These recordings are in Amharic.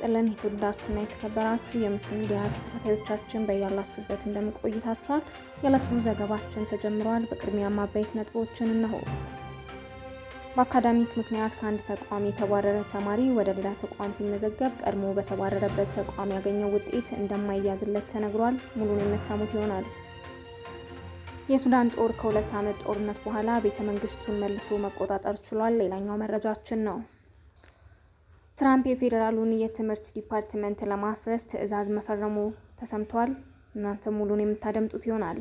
ይስጥልን የተወደዳችሁና የተከበራችሁ የምቹ ሚዲያ ተከታታዮቻችን በያላችሁበት እንደምቆይታችኋል። የዕለቱም ዘገባችን ተጀምሯል። በቅድሚያ አበይት ነጥቦችን እነሆ። በአካዳሚክ ምክንያት ከአንድ ተቋም የተባረረ ተማሪ ወደ ሌላ ተቋም ሲመዘገብ ቀድሞ በተባረረበት ተቋም ያገኘው ውጤት እንደማይያዝለት ተነግሯል። ሙሉን የምትሰሙት ይሆናል። የሱዳን ጦር ከሁለት ዓመት ጦርነት በኋላ ቤተ መንግስቱን መልሶ መቆጣጠር ችሏል። ሌላኛው መረጃችን ነው። ትራምፕ የፌዴራሉን የትምህርት ዲፓርትመንት ለማፍረስ ትዕዛዝ መፈረሙ ተሰምቷል። እናንተ ሙሉን የምታደምጡት ይሆናል።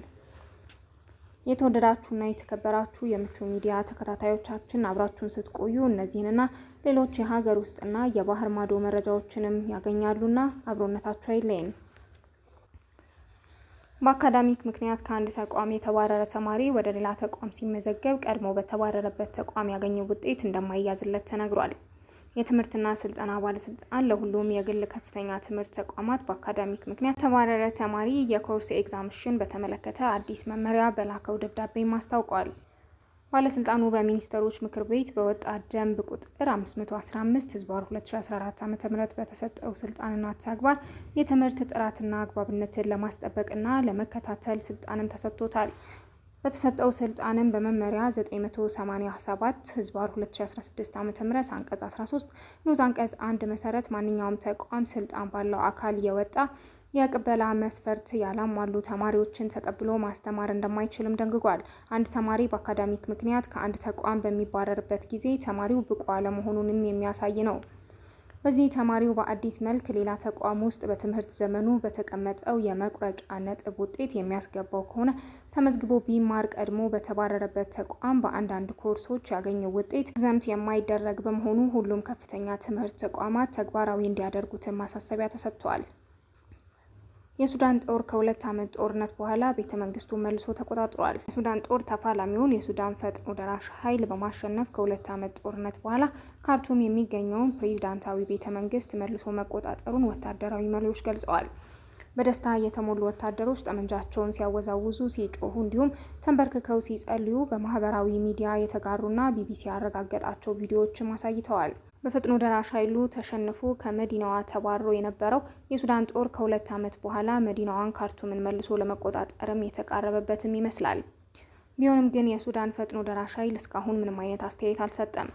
የተወደዳችሁና የተከበራችሁ የምቹ ሚዲያ ተከታታዮቻችን አብራችሁን ስትቆዩ እነዚህንና ሌሎች የሀገር ውስጥና የባህር ማዶ መረጃዎችንም ያገኛሉና አብሮነታችሁ አይለየን። በአካዳሚክ ምክንያት ከአንድ ተቋም የተባረረ ተማሪ ወደ ሌላ ተቋም ሲመዘገብ ቀድሞ በተባረረበት ተቋም ያገኘው ውጤት እንደማይያዝለት ተነግሯል። የትምህርትና ስልጠና ባለስልጣን ለሁሉም የግል ከፍተኛ ትምህርት ተቋማት በአካዳሚክ ምክንያት የተባረረ ተማሪ የኮርስ ኤግዛምሽን በተመለከተ አዲስ መመሪያ በላከው ደብዳቤም አስታውቋል። ባለስልጣኑ በሚኒስትሮች ምክር ቤት በወጣ ደንብ ቁጥር 515 ህዝባር 2014 ዓ.ም በተሰጠው ስልጣንና ተግባር የትምህርት ጥራትና አግባብነትን ለማስጠበቅና ለመከታተል ስልጣንም ተሰጥቶታል። በተሰጠው ስልጣንም በመመሪያ 987 ህዝባር 2016 ዓ ም አንቀጽ 13 ንዑስ አንቀጽ 1 መሰረት ማንኛውም ተቋም ስልጣን ባለው አካል የወጣ የቅበላ መስፈርት ያላሟሉ ተማሪዎችን ተቀብሎ ማስተማር እንደማይችልም ደንግጓል። አንድ ተማሪ በአካዳሚክ ምክንያት ከአንድ ተቋም በሚባረርበት ጊዜ ተማሪው ብቁ አለመሆኑንም የሚያሳይ ነው። በዚህ ተማሪው በአዲስ መልክ ሌላ ተቋም ውስጥ በትምህርት ዘመኑ በተቀመጠው የመቁረጫ ነጥብ ውጤት የሚያስገባው ከሆነ ተመዝግቦ ቢማር ቀድሞ በተባረረበት ተቋም በአንዳንድ ኮርሶች ያገኘው ውጤት ግዘምት የማይደረግ በመሆኑ ሁሉም ከፍተኛ ትምህርት ተቋማት ተግባራዊ እንዲያደርጉትን ማሳሰቢያ ተሰጥቷል። የሱዳን ጦር ከሁለት ዓመት ጦርነት በኋላ ቤተ መንግስቱን መልሶ ተቆጣጥሯል። የሱዳን ጦር ተፋላሚውን የሱዳን ፈጥኖ ደራሽ ኃይል በማሸነፍ ከሁለት ዓመት ጦርነት በኋላ ካርቱም የሚገኘውን ፕሬዚዳንታዊ ቤተ መንግስት መልሶ መቆጣጠሩን ወታደራዊ መሪዎች ገልጸዋል። በደስታ የተሞሉ ወታደሮች ጠመንጃቸውን ሲያወዛውዙ፣ ሲጮሁ እንዲሁም ተንበርክከው ሲጸልዩ በማህበራዊ ሚዲያ የተጋሩና ቢቢሲ ያረጋገጣቸው ቪዲዮዎችም አሳይተዋል። በፈጥኖ ደራሽ ኃይሉ ተሸንፎ ከመዲናዋ ተባሮ የነበረው የሱዳን ጦር ከሁለት ዓመት በኋላ መዲናዋን ካርቱምን መልሶ ለመቆጣጠርም የተቃረበበትም ይመስላል። ቢሆንም ግን የሱዳን ፈጥኖ ደራሽ ኃይል እስካሁን ምንም አይነት አስተያየት አልሰጠም።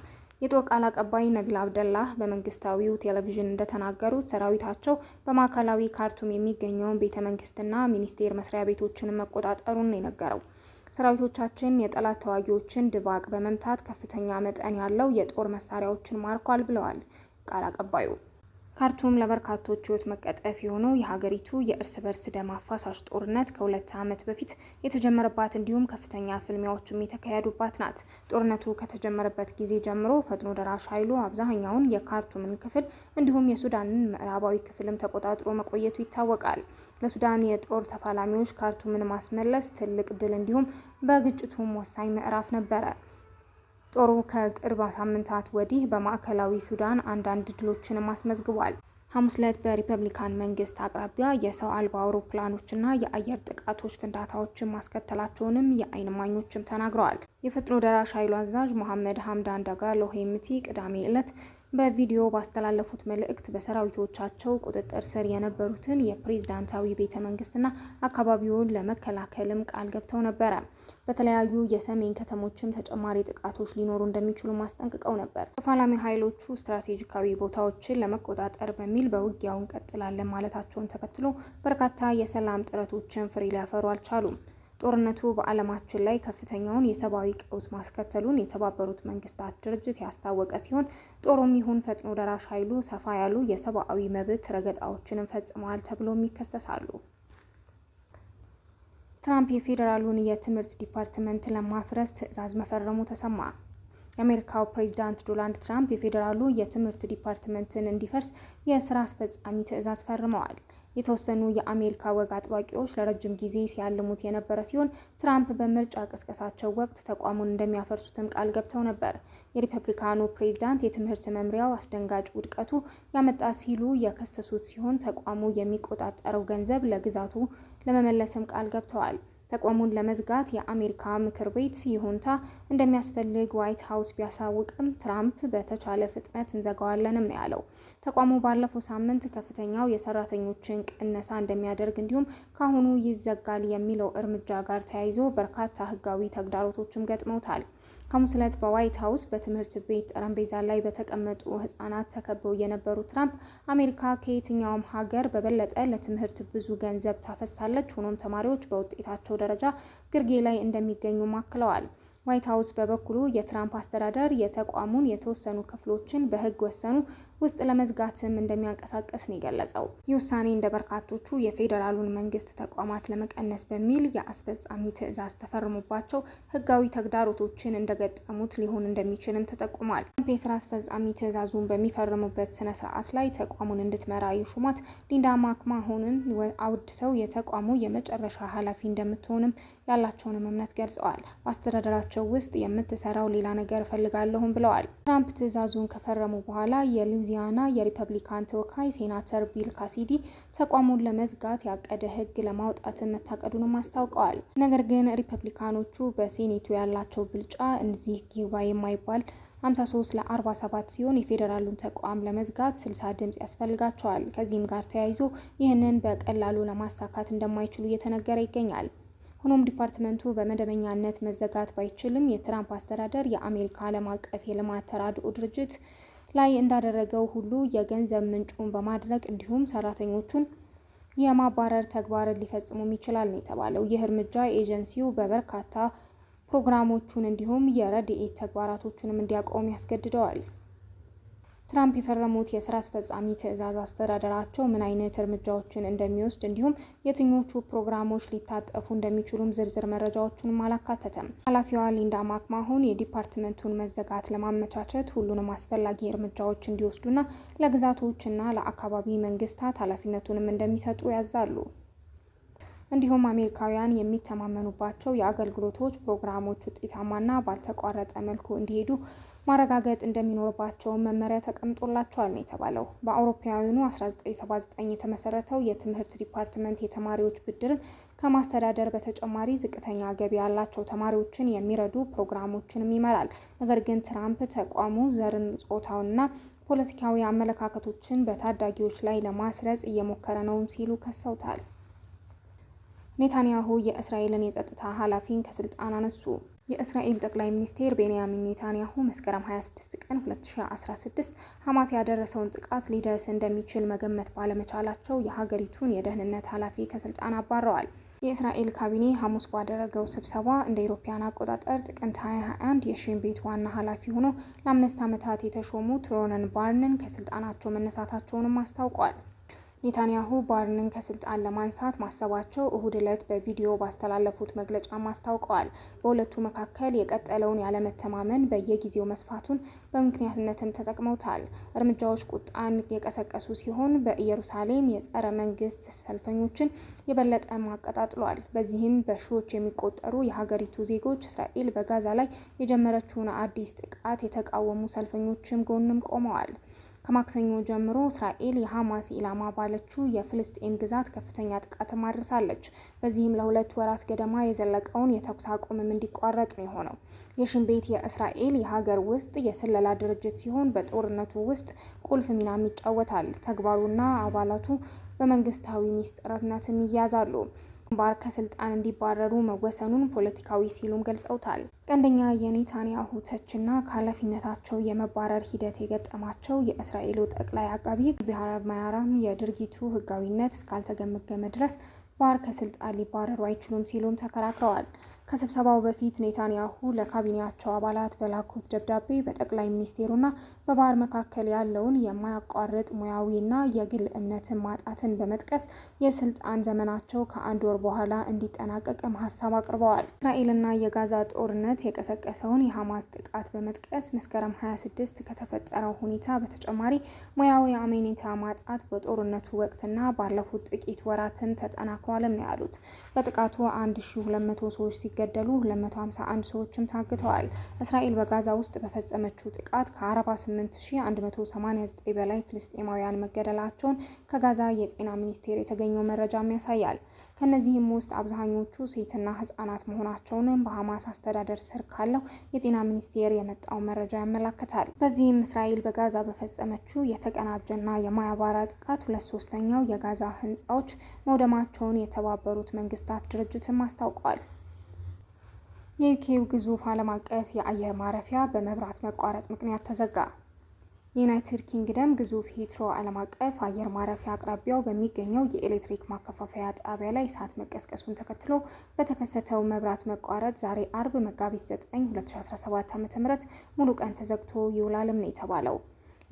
የጦር ቃል አቀባይ ነቢል አብደላህ በመንግስታዊው ቴሌቪዥን እንደተናገሩት ሰራዊታቸው በማዕከላዊ ካርቱም የሚገኘውን ቤተ መንግስትና ሚኒስቴር መስሪያ ቤቶችን መቆጣጠሩን የነገረው ሰራዊቶቻችን የጠላት ተዋጊዎችን ድባቅ በመምታት ከፍተኛ መጠን ያለው የጦር መሳሪያዎችን ማርኳል ብለዋል ቃል አቀባዩ። ካርቱም ለበርካቶች ህይወት መቀጠፍ የሆነው የሀገሪቱ የእርስ በርስ ደም አፋሳሽ ጦርነት ከሁለት ዓመት በፊት የተጀመረባት እንዲሁም ከፍተኛ ፍልሚያዎችም የተካሄዱባት ናት። ጦርነቱ ከተጀመረበት ጊዜ ጀምሮ ፈጥኖ ደራሽ ኃይሉ አብዛኛውን የካርቱምን ክፍል እንዲሁም የሱዳንን ምዕራባዊ ክፍልም ተቆጣጥሮ መቆየቱ ይታወቃል። ለሱዳን የጦር ተፋላሚዎች ካርቱምን ማስመለስ ትልቅ ድል እንዲሁም በግጭቱም ወሳኝ ምዕራፍ ነበረ። ጦሩ ከቅርብ ሳምንታት ወዲህ በማዕከላዊ ሱዳን አንዳንድ ድሎችንም አስመዝግቧል። ሐሙስ ዕለት በሪፐብሊካን መንግስት አቅራቢያ የሰው አልባ አውሮፕላኖችና የአየር ጥቃቶች ፍንዳታዎችን ማስከተላቸውንም የአይን ማኞችም ተናግረዋል። የፈጥኖ ደራሽ ኃይሉ አዛዥ መሐመድ ሀምዳን ዳጋሎ ሄምቲ ቅዳሜ ዕለት በቪዲዮ ባስተላለፉት መልእክት በሰራዊቶቻቸው ቁጥጥር ስር የነበሩትን የፕሬዝዳንታዊ ቤተ መንግስትና አካባቢውን ለመከላከልም ቃል ገብተው ነበረ። በተለያዩ የሰሜን ከተሞችም ተጨማሪ ጥቃቶች ሊኖሩ እንደሚችሉ ማስጠንቅቀው ነበር። ተፋላሚ ኃይሎቹ ስትራቴጂካዊ ቦታዎችን ለመቆጣጠር በሚል በውጊያው እንቀጥላለን ማለታቸውን ተከትሎ በርካታ የሰላም ጥረቶችን ፍሬ ሊያፈሩ አልቻሉም። ጦርነቱ በዓለማችን ላይ ከፍተኛውን የሰብአዊ ቀውስ ማስከተሉን የተባበሩት መንግስታት ድርጅት ያስታወቀ ሲሆን ጦሩም ይሁን ፈጥኖ ደራሽ ኃይሉ ሰፋ ያሉ የሰብአዊ መብት ረገጣዎችንም ፈጽመዋል ተብሎም ይከሰሳሉ። ትራምፕ የፌዴራሉን የትምህርት ዲፓርትመንት ለማፍረስ ትዕዛዝ መፈረሙ ተሰማ። የአሜሪካው ፕሬዚዳንት ዶናልድ ትራምፕ የፌዴራሉ የትምህርት ዲፓርትመንትን እንዲፈርስ የስራ አስፈጻሚ ትዕዛዝ ፈርመዋል። የተወሰኑ የአሜሪካ ወግ አጥባቂዎች ለረጅም ጊዜ ሲያልሙት የነበረ ሲሆን ትራምፕ በምርጫ ቅስቀሳቸው ወቅት ተቋሙን እንደሚያፈርሱትም ቃል ገብተው ነበር። የሪፐብሊካኑ ፕሬዚዳንት የትምህርት መምሪያው አስደንጋጭ ውድቀቱ ያመጣ ሲሉ የከሰሱት ሲሆን ተቋሙ የሚቆጣጠረው ገንዘብ ለግዛቱ ለመመለስም ቃል ገብተዋል። ተቋሙን ለመዝጋት የአሜሪካ ምክር ቤት ይሁንታ እንደሚያስፈልግ ዋይት ሀውስ ቢያሳውቅም ትራምፕ በተቻለ ፍጥነት እንዘጋዋለንም ነው ያለው። ተቋሙ ባለፈው ሳምንት ከፍተኛው የሰራተኞችን ቅነሳ እንደሚያደርግ እንዲሁም ካሁኑ ይዘጋል የሚለው እርምጃ ጋር ተያይዞ በርካታ ህጋዊ ተግዳሮቶችም ገጥመውታል። ሐሙስ ዕለት በዋይት ሀውስ በትምህርት ቤት ጠረጴዛ ላይ በተቀመጡ ህጻናት ተከበው የነበሩ ትራምፕ አሜሪካ ከየትኛውም ሀገር በበለጠ ለትምህርት ብዙ ገንዘብ ታፈሳለች፣ ሆኖም ተማሪዎች በውጤታቸው ደረጃ ግርጌ ላይ እንደሚገኙ ማክለዋል። ዋይት ሀውስ በበኩሉ የትራምፕ አስተዳደር የተቋሙን የተወሰኑ ክፍሎችን በህግ ወሰኑ ውስጥ ለመዝጋትም እንደሚያንቀሳቀስ ነው የገለጸው። ይህ ውሳኔ እንደ በርካቶቹ የፌዴራሉን መንግስት ተቋማት ለመቀነስ በሚል የአስፈጻሚ ትዕዛዝ ተፈርሞባቸው ህጋዊ ተግዳሮቶችን እንደገጠሙት ሊሆን እንደሚችልም ተጠቁሟል። ትራምፕ የስራ አስፈጻሚ ትዕዛዙን በሚፈርሙበት ስነ ስርዓት ላይ ተቋሙን እንድትመራ የሹሟት ሊንዳ ማክማሆንን አውድሰው የተቋሙ የመጨረሻ ኃላፊ እንደምትሆንም ያላቸውንም እምነት ገልጸዋል። በአስተዳደራቸው ውስጥ የምትሰራው ሌላ ነገር እፈልጋለሁም ብለዋል። ትራምፕ ትዕዛዙን ከፈረሙ በኋላ የሉዚ ሉዊዚያና የሪፐብሊካን ተወካይ ሴናተር ቢል ካሲዲ ተቋሙን ለመዝጋት ያቀደ ህግ ለማውጣት መታቀዱንም አስታውቀዋል። ነገር ግን ሪፐብሊካኖቹ በሴኔቱ ያላቸው ብልጫ እነዚህ ግባ የማይባል 53 ለ47 ሲሆን የፌዴራሉን ተቋም ለመዝጋት 60 ድምጽ ያስፈልጋቸዋል። ከዚህም ጋር ተያይዞ ይህንን በቀላሉ ለማሳካት እንደማይችሉ እየተነገረ ይገኛል። ሆኖም ዲፓርትመንቱ በመደበኛነት መዘጋት ባይችልም የትራምፕ አስተዳደር የአሜሪካ ዓለም አቀፍ የልማት ተራድኦ ድርጅት ላይ እንዳደረገው ሁሉ የገንዘብ ምንጩን በማድረግ እንዲሁም ሰራተኞቹን የማባረር ተግባርን ሊፈጽሙም ይችላል ነው የተባለው። ይህ እርምጃ ኤጀንሲው በበርካታ ፕሮግራሞቹን እንዲሁም የረድኤት ተግባራቶቹንም እንዲያቆም ያስገድደዋል። ትራምፕ የፈረሙት የስራ አስፈጻሚ ትዕዛዝ አስተዳደራቸው ምን አይነት እርምጃዎችን እንደሚወስድ እንዲሁም የትኞቹ ፕሮግራሞች ሊታጠፉ እንደሚችሉም ዝርዝር መረጃዎቹንም አላካተተም። ኃላፊዋ ሊንዳ ማክማሆን የዲፓርትመንቱን መዘጋት ለማመቻቸት ሁሉንም አስፈላጊ እርምጃዎች እንዲወስዱና ለግዛቶችና ለአካባቢ መንግስታት ኃላፊነቱንም እንደሚሰጡ ያዛሉ። እንዲሁም አሜሪካውያን የሚተማመኑባቸው የአገልግሎቶች ፕሮግራሞች ውጤታማና ባልተቋረጠ መልኩ እንዲሄዱ ማረጋገጥ እንደሚኖርባቸው መመሪያ ተቀምጦላቸዋል ነው የተባለው። በአውሮፓውያኑ 1979 የተመሰረተው የትምህርት ዲፓርትመንት የተማሪዎች ብድርን ከማስተዳደር በተጨማሪ ዝቅተኛ ገቢ ያላቸው ተማሪዎችን የሚረዱ ፕሮግራሞችንም ይመራል። ነገር ግን ትራምፕ ተቋሙ ዘርን፣ ጾታውና ፖለቲካዊ አመለካከቶችን በታዳጊዎች ላይ ለማስረጽ እየሞከረ ነውም ሲሉ ከሰውታል። ኔታንያሁ የእስራኤልን የጸጥታ ኃላፊን ከስልጣን አነሱ። የእስራኤል ጠቅላይ ሚኒስቴር ቤንያሚን ኔታንያሁ መስከረም 26 ቀን 2016 ሐማስ ያደረሰውን ጥቃት ሊደርስ እንደሚችል መገመት ባለመቻላቸው የሀገሪቱን የደህንነት ኃላፊ ከስልጣን አባረዋል። የእስራኤል ካቢኔ ሐሙስ ባደረገው ስብሰባ እንደ አውሮፓውያን አቆጣጠር ጥቅምት 2021 የሽን ቤት ዋና ኃላፊ ሆኖ ለአምስት ዓመታት የተሾሙት ሮነን ባርንን ከስልጣናቸው መነሳታቸውንም አስታውቋል። ኔታንያሁ ባርንን ከስልጣን ለማንሳት ማሰባቸው እሁድ ዕለት በቪዲዮ ባስተላለፉት መግለጫም አስታውቀዋል። በሁለቱ መካከል የቀጠለውን ያለመተማመን በየጊዜው መስፋቱን በምክንያትነትም ተጠቅመውታል። እርምጃዎች ቁጣን የቀሰቀሱ ሲሆን በኢየሩሳሌም የጸረ መንግስት ሰልፈኞችን የበለጠ ማቀጣጥሏል። በዚህም በሺዎች የሚቆጠሩ የሀገሪቱ ዜጎች እስራኤል በጋዛ ላይ የጀመረችውን አዲስ ጥቃት የተቃወሙ ሰልፈኞችም ጎንም ቆመዋል። ከማክሰኞ ጀምሮ እስራኤል የሐማስ ኢላማ ባለችው የፍልስጤም ግዛት ከፍተኛ ጥቃት ማድረሳለች። በዚህም ለሁለት ወራት ገደማ የዘለቀውን የተኩስ አቁምም እንዲቋረጥ ነው የሆነው። የሽን ቤት የእስራኤል የሀገር ውስጥ የስለላ ድርጅት ሲሆን በጦርነቱ ውስጥ ቁልፍ ሚናም ይጫወታል። ተግባሩና አባላቱ በመንግስታዊ ሚስጥርነትም ይያዛሉ። ግንባር ከስልጣን እንዲባረሩ መወሰኑን ፖለቲካዊ ሲሉም ገልጸውታል። ቀንደኛ የኔታንያሁ ተችና ከኃላፊነታቸው የመባረር ሂደት የገጠማቸው የእስራኤሉ ጠቅላይ አቃቢ ቢሃራብ ማያራም የድርጊቱ ህጋዊነት እስካልተገመገመ ድረስ ባር ከስልጣን ሊባረሩ አይችሉም ሲሉም ተከራክረዋል። ከስብሰባው በፊት ኔታንያሁ ለካቢኔያቸው አባላት በላኩት ደብዳቤ በጠቅላይ ሚኒስቴሩና በባህር መካከል ያለውን የማያቋርጥ ሙያዊና የግል እምነትን ማጣትን በመጥቀስ የስልጣን ዘመናቸው ከአንድ ወር በኋላ እንዲጠናቀቅም ሀሳብ አቅርበዋል። እስራኤልና የጋዛ ጦርነት የቀሰቀሰውን የሐማስ ጥቃት በመጥቀስ መስከረም 26 ከተፈጠረው ሁኔታ በተጨማሪ ሙያዊ አመኔታ ማጣት በጦርነቱ ወቅትና ባለፉት ጥቂት ወራትን ተጠናክሯልም ነው ያሉት። በጥቃቱ 1200 ሰዎች ሲገ ሲገደሉ 251 ሰዎችም ታግተዋል። እስራኤል በጋዛ ውስጥ በፈጸመችው ጥቃት ከ48189 በላይ ፍልስጤማውያን መገደላቸውን ከጋዛ የጤና ሚኒስቴር የተገኘው መረጃም ያሳያል። ከእነዚህም ውስጥ አብዛኞቹ ሴትና ህጻናት መሆናቸውንም በሐማስ አስተዳደር ስር ካለው የጤና ሚኒስቴር የመጣው መረጃ ያመላክታል። በዚህም እስራኤል በጋዛ በፈጸመችው የተቀናጀና የማያባራ ጥቃት ሁለት ሶስተኛው የጋዛ ህንጻዎች መውደማቸውን የተባበሩት መንግስታት ድርጅትም አስታውቋል። የዩኬው ግዙፍ ዓለም አቀፍ የአየር ማረፊያ በመብራት መቋረጥ ምክንያት ተዘጋ። የዩናይትድ ኪንግደም ግዙፍ ሂትሮ ዓለም አቀፍ አየር ማረፊያ አቅራቢያው በሚገኘው የኤሌክትሪክ ማከፋፈያ ጣቢያ ላይ እሳት መቀስቀሱን ተከትሎ በተከሰተው መብራት መቋረጥ ዛሬ አርብ መጋቢት 9 2017 ም ሙሉ ቀን ተዘግቶ ይውላልም ነው የተባለው።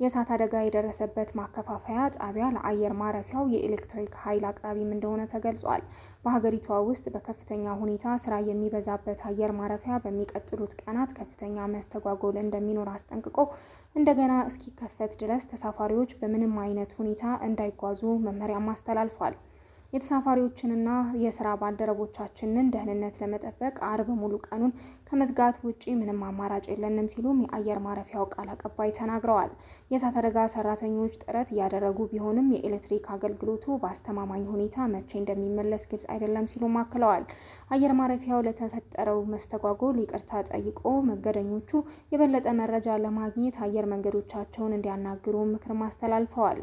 የእሳት አደጋ የደረሰበት ማከፋፈያ ጣቢያ ለአየር ማረፊያው የኤሌክትሪክ ኃይል አቅራቢም እንደሆነ ተገልጿል። በሀገሪቷ ውስጥ በከፍተኛ ሁኔታ ስራ የሚበዛበት አየር ማረፊያ በሚቀጥሉት ቀናት ከፍተኛ መስተጓጎል እንደሚኖር አስጠንቅቆ እንደገና እስኪከፈት ድረስ ተሳፋሪዎች በምንም አይነት ሁኔታ እንዳይጓዙ መመሪያም አስተላልፏል። የተሳፋሪዎችንና የስራ ባልደረቦቻችንን ደህንነት ለመጠበቅ አርብ ሙሉ ቀኑን ከመዝጋት ውጪ ምንም አማራጭ የለንም ሲሉም የአየር ማረፊያው ቃል አቀባይ ተናግረዋል። የእሳት አደጋ ሰራተኞች ጥረት እያደረጉ ቢሆንም የኤሌክትሪክ አገልግሎቱ በአስተማማኝ ሁኔታ መቼ እንደሚመለስ ግልጽ አይደለም ሲሉም አክለዋል። አየር ማረፊያው ለተፈጠረው መስተጓጎል ይቅርታ ጠይቆ መንገደኞቹ የበለጠ መረጃ ለማግኘት አየር መንገዶቻቸውን እንዲያናግሩ ምክር አስተላልፈዋል።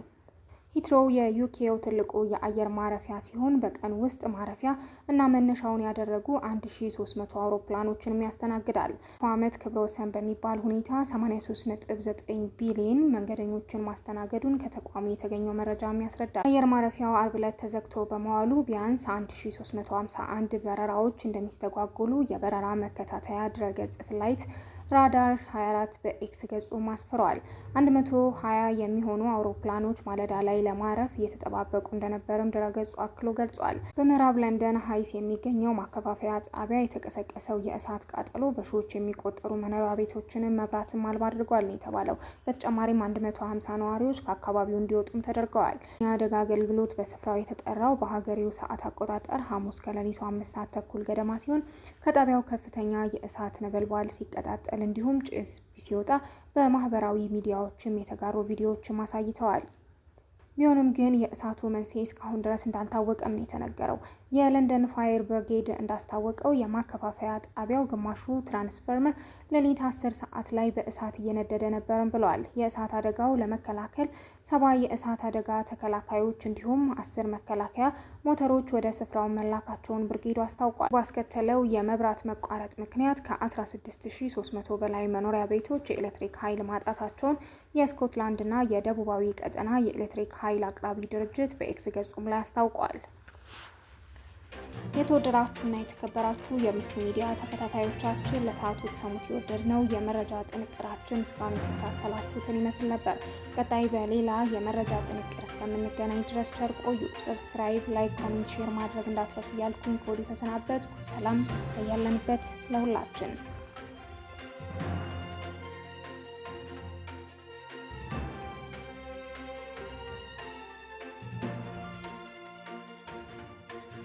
ሂትሮው የዩኬው ትልቁ የአየር ማረፊያ ሲሆን በቀን ውስጥ ማረፊያ እና መነሻውን ያደረጉ 1300 አውሮፕላኖችንም ያስተናግዳል። ዓመት ክብረ ወሰን በሚባል ሁኔታ 839 ቢሊዮን መንገደኞችን ማስተናገዱን ከተቋሙ የተገኘው መረጃም ያስረዳል። አየር ማረፊያው አርብ ዕለት ተዘግቶ በመዋሉ ቢያንስ 1351 በረራዎች እንደሚስተጓጉሉ የበረራ መከታተያ ድረገጽ ፍላይት ራዳር 24 በኤክስ ገጹ አስፍሯል። 120 የሚሆኑ አውሮፕላኖች ማለዳ ላይ ለማረፍ እየተጠባበቁ ድረ ድረገጹ አክሎ ገልጿል። በምዕራብ ለንደን ሀይስ የሚገኘው ማከፋፈያ ጣቢያ የተቀሰቀሰው የእሳት ቃጠሎ በሺዎች የሚቆጠሩ መኖሪያ ቤቶችንም መብራትም አልባ አድርጓል የተባለው። በተጨማሪም 150 ነዋሪዎች ከአካባቢው እንዲወጡም ተደርገዋል። የአደጋ አገልግሎት በስፍራው የተጠራው በሀገሬው ሰዓት አቆጣጠር ሐሙስ ከሌሊቱ አምስት ሰዓት ተኩል ገደማ ሲሆን ከጣቢያው ከፍተኛ የእሳት ነበልባል ሲቀጣጠል መቃጠል እንዲሁም ጭስ ሲወጣ በማህበራዊ ሚዲያዎችም የተጋሩ ቪዲዮዎችም አሳይተዋል። ቢሆንም ግን የእሳቱ መንስኤ እስካሁን ድረስ እንዳልታወቀም ነው የተነገረው። የለንደን ፋየር ብርጌድ እንዳስታወቀው የማከፋፈያ ጣቢያው ግማሹ ትራንስፈርመር ሌሊት 10 ሰዓት ላይ በእሳት እየነደደ ነበርም ብለዋል። የእሳት አደጋው ለመከላከል ሰባ የእሳት አደጋ ተከላካዮች እንዲሁም አስር መከላከያ ሞተሮች ወደ ስፍራው መላካቸውን ብርጌዱ አስታውቋል። ባስከተለው የመብራት መቋረጥ ምክንያት ከ16300 በላይ መኖሪያ ቤቶች የኤሌክትሪክ ኃይል ማጣታቸውን የስኮትላንድና የደቡባዊ ቀጠና የኤሌክትሪክ ኃይል አቅራቢ ድርጅት በኤክስ ገጹም ላይ አስታውቋል። የተወደዳችሁና የተከበራችሁ የምቹ ሚዲያ ተከታታዮቻችን ለሰዓቱ የተሰሙት የወደድ ነው የመረጃ ጥንቅራችን እስካሁን የተከታተላችሁትን ይመስል ነበር። ቀጣይ በሌላ የመረጃ ጥንቅር እስከምንገናኝ ድረስ ቸር ቆዩ። ሰብስክራይብ፣ ላይክ፣ ኮሜንት፣ ሼር ማድረግ እንዳትረሱ እያልኩኝ ከወዲሁ ተሰናበትኩ። ሰላም በያለንበት ለሁላችን።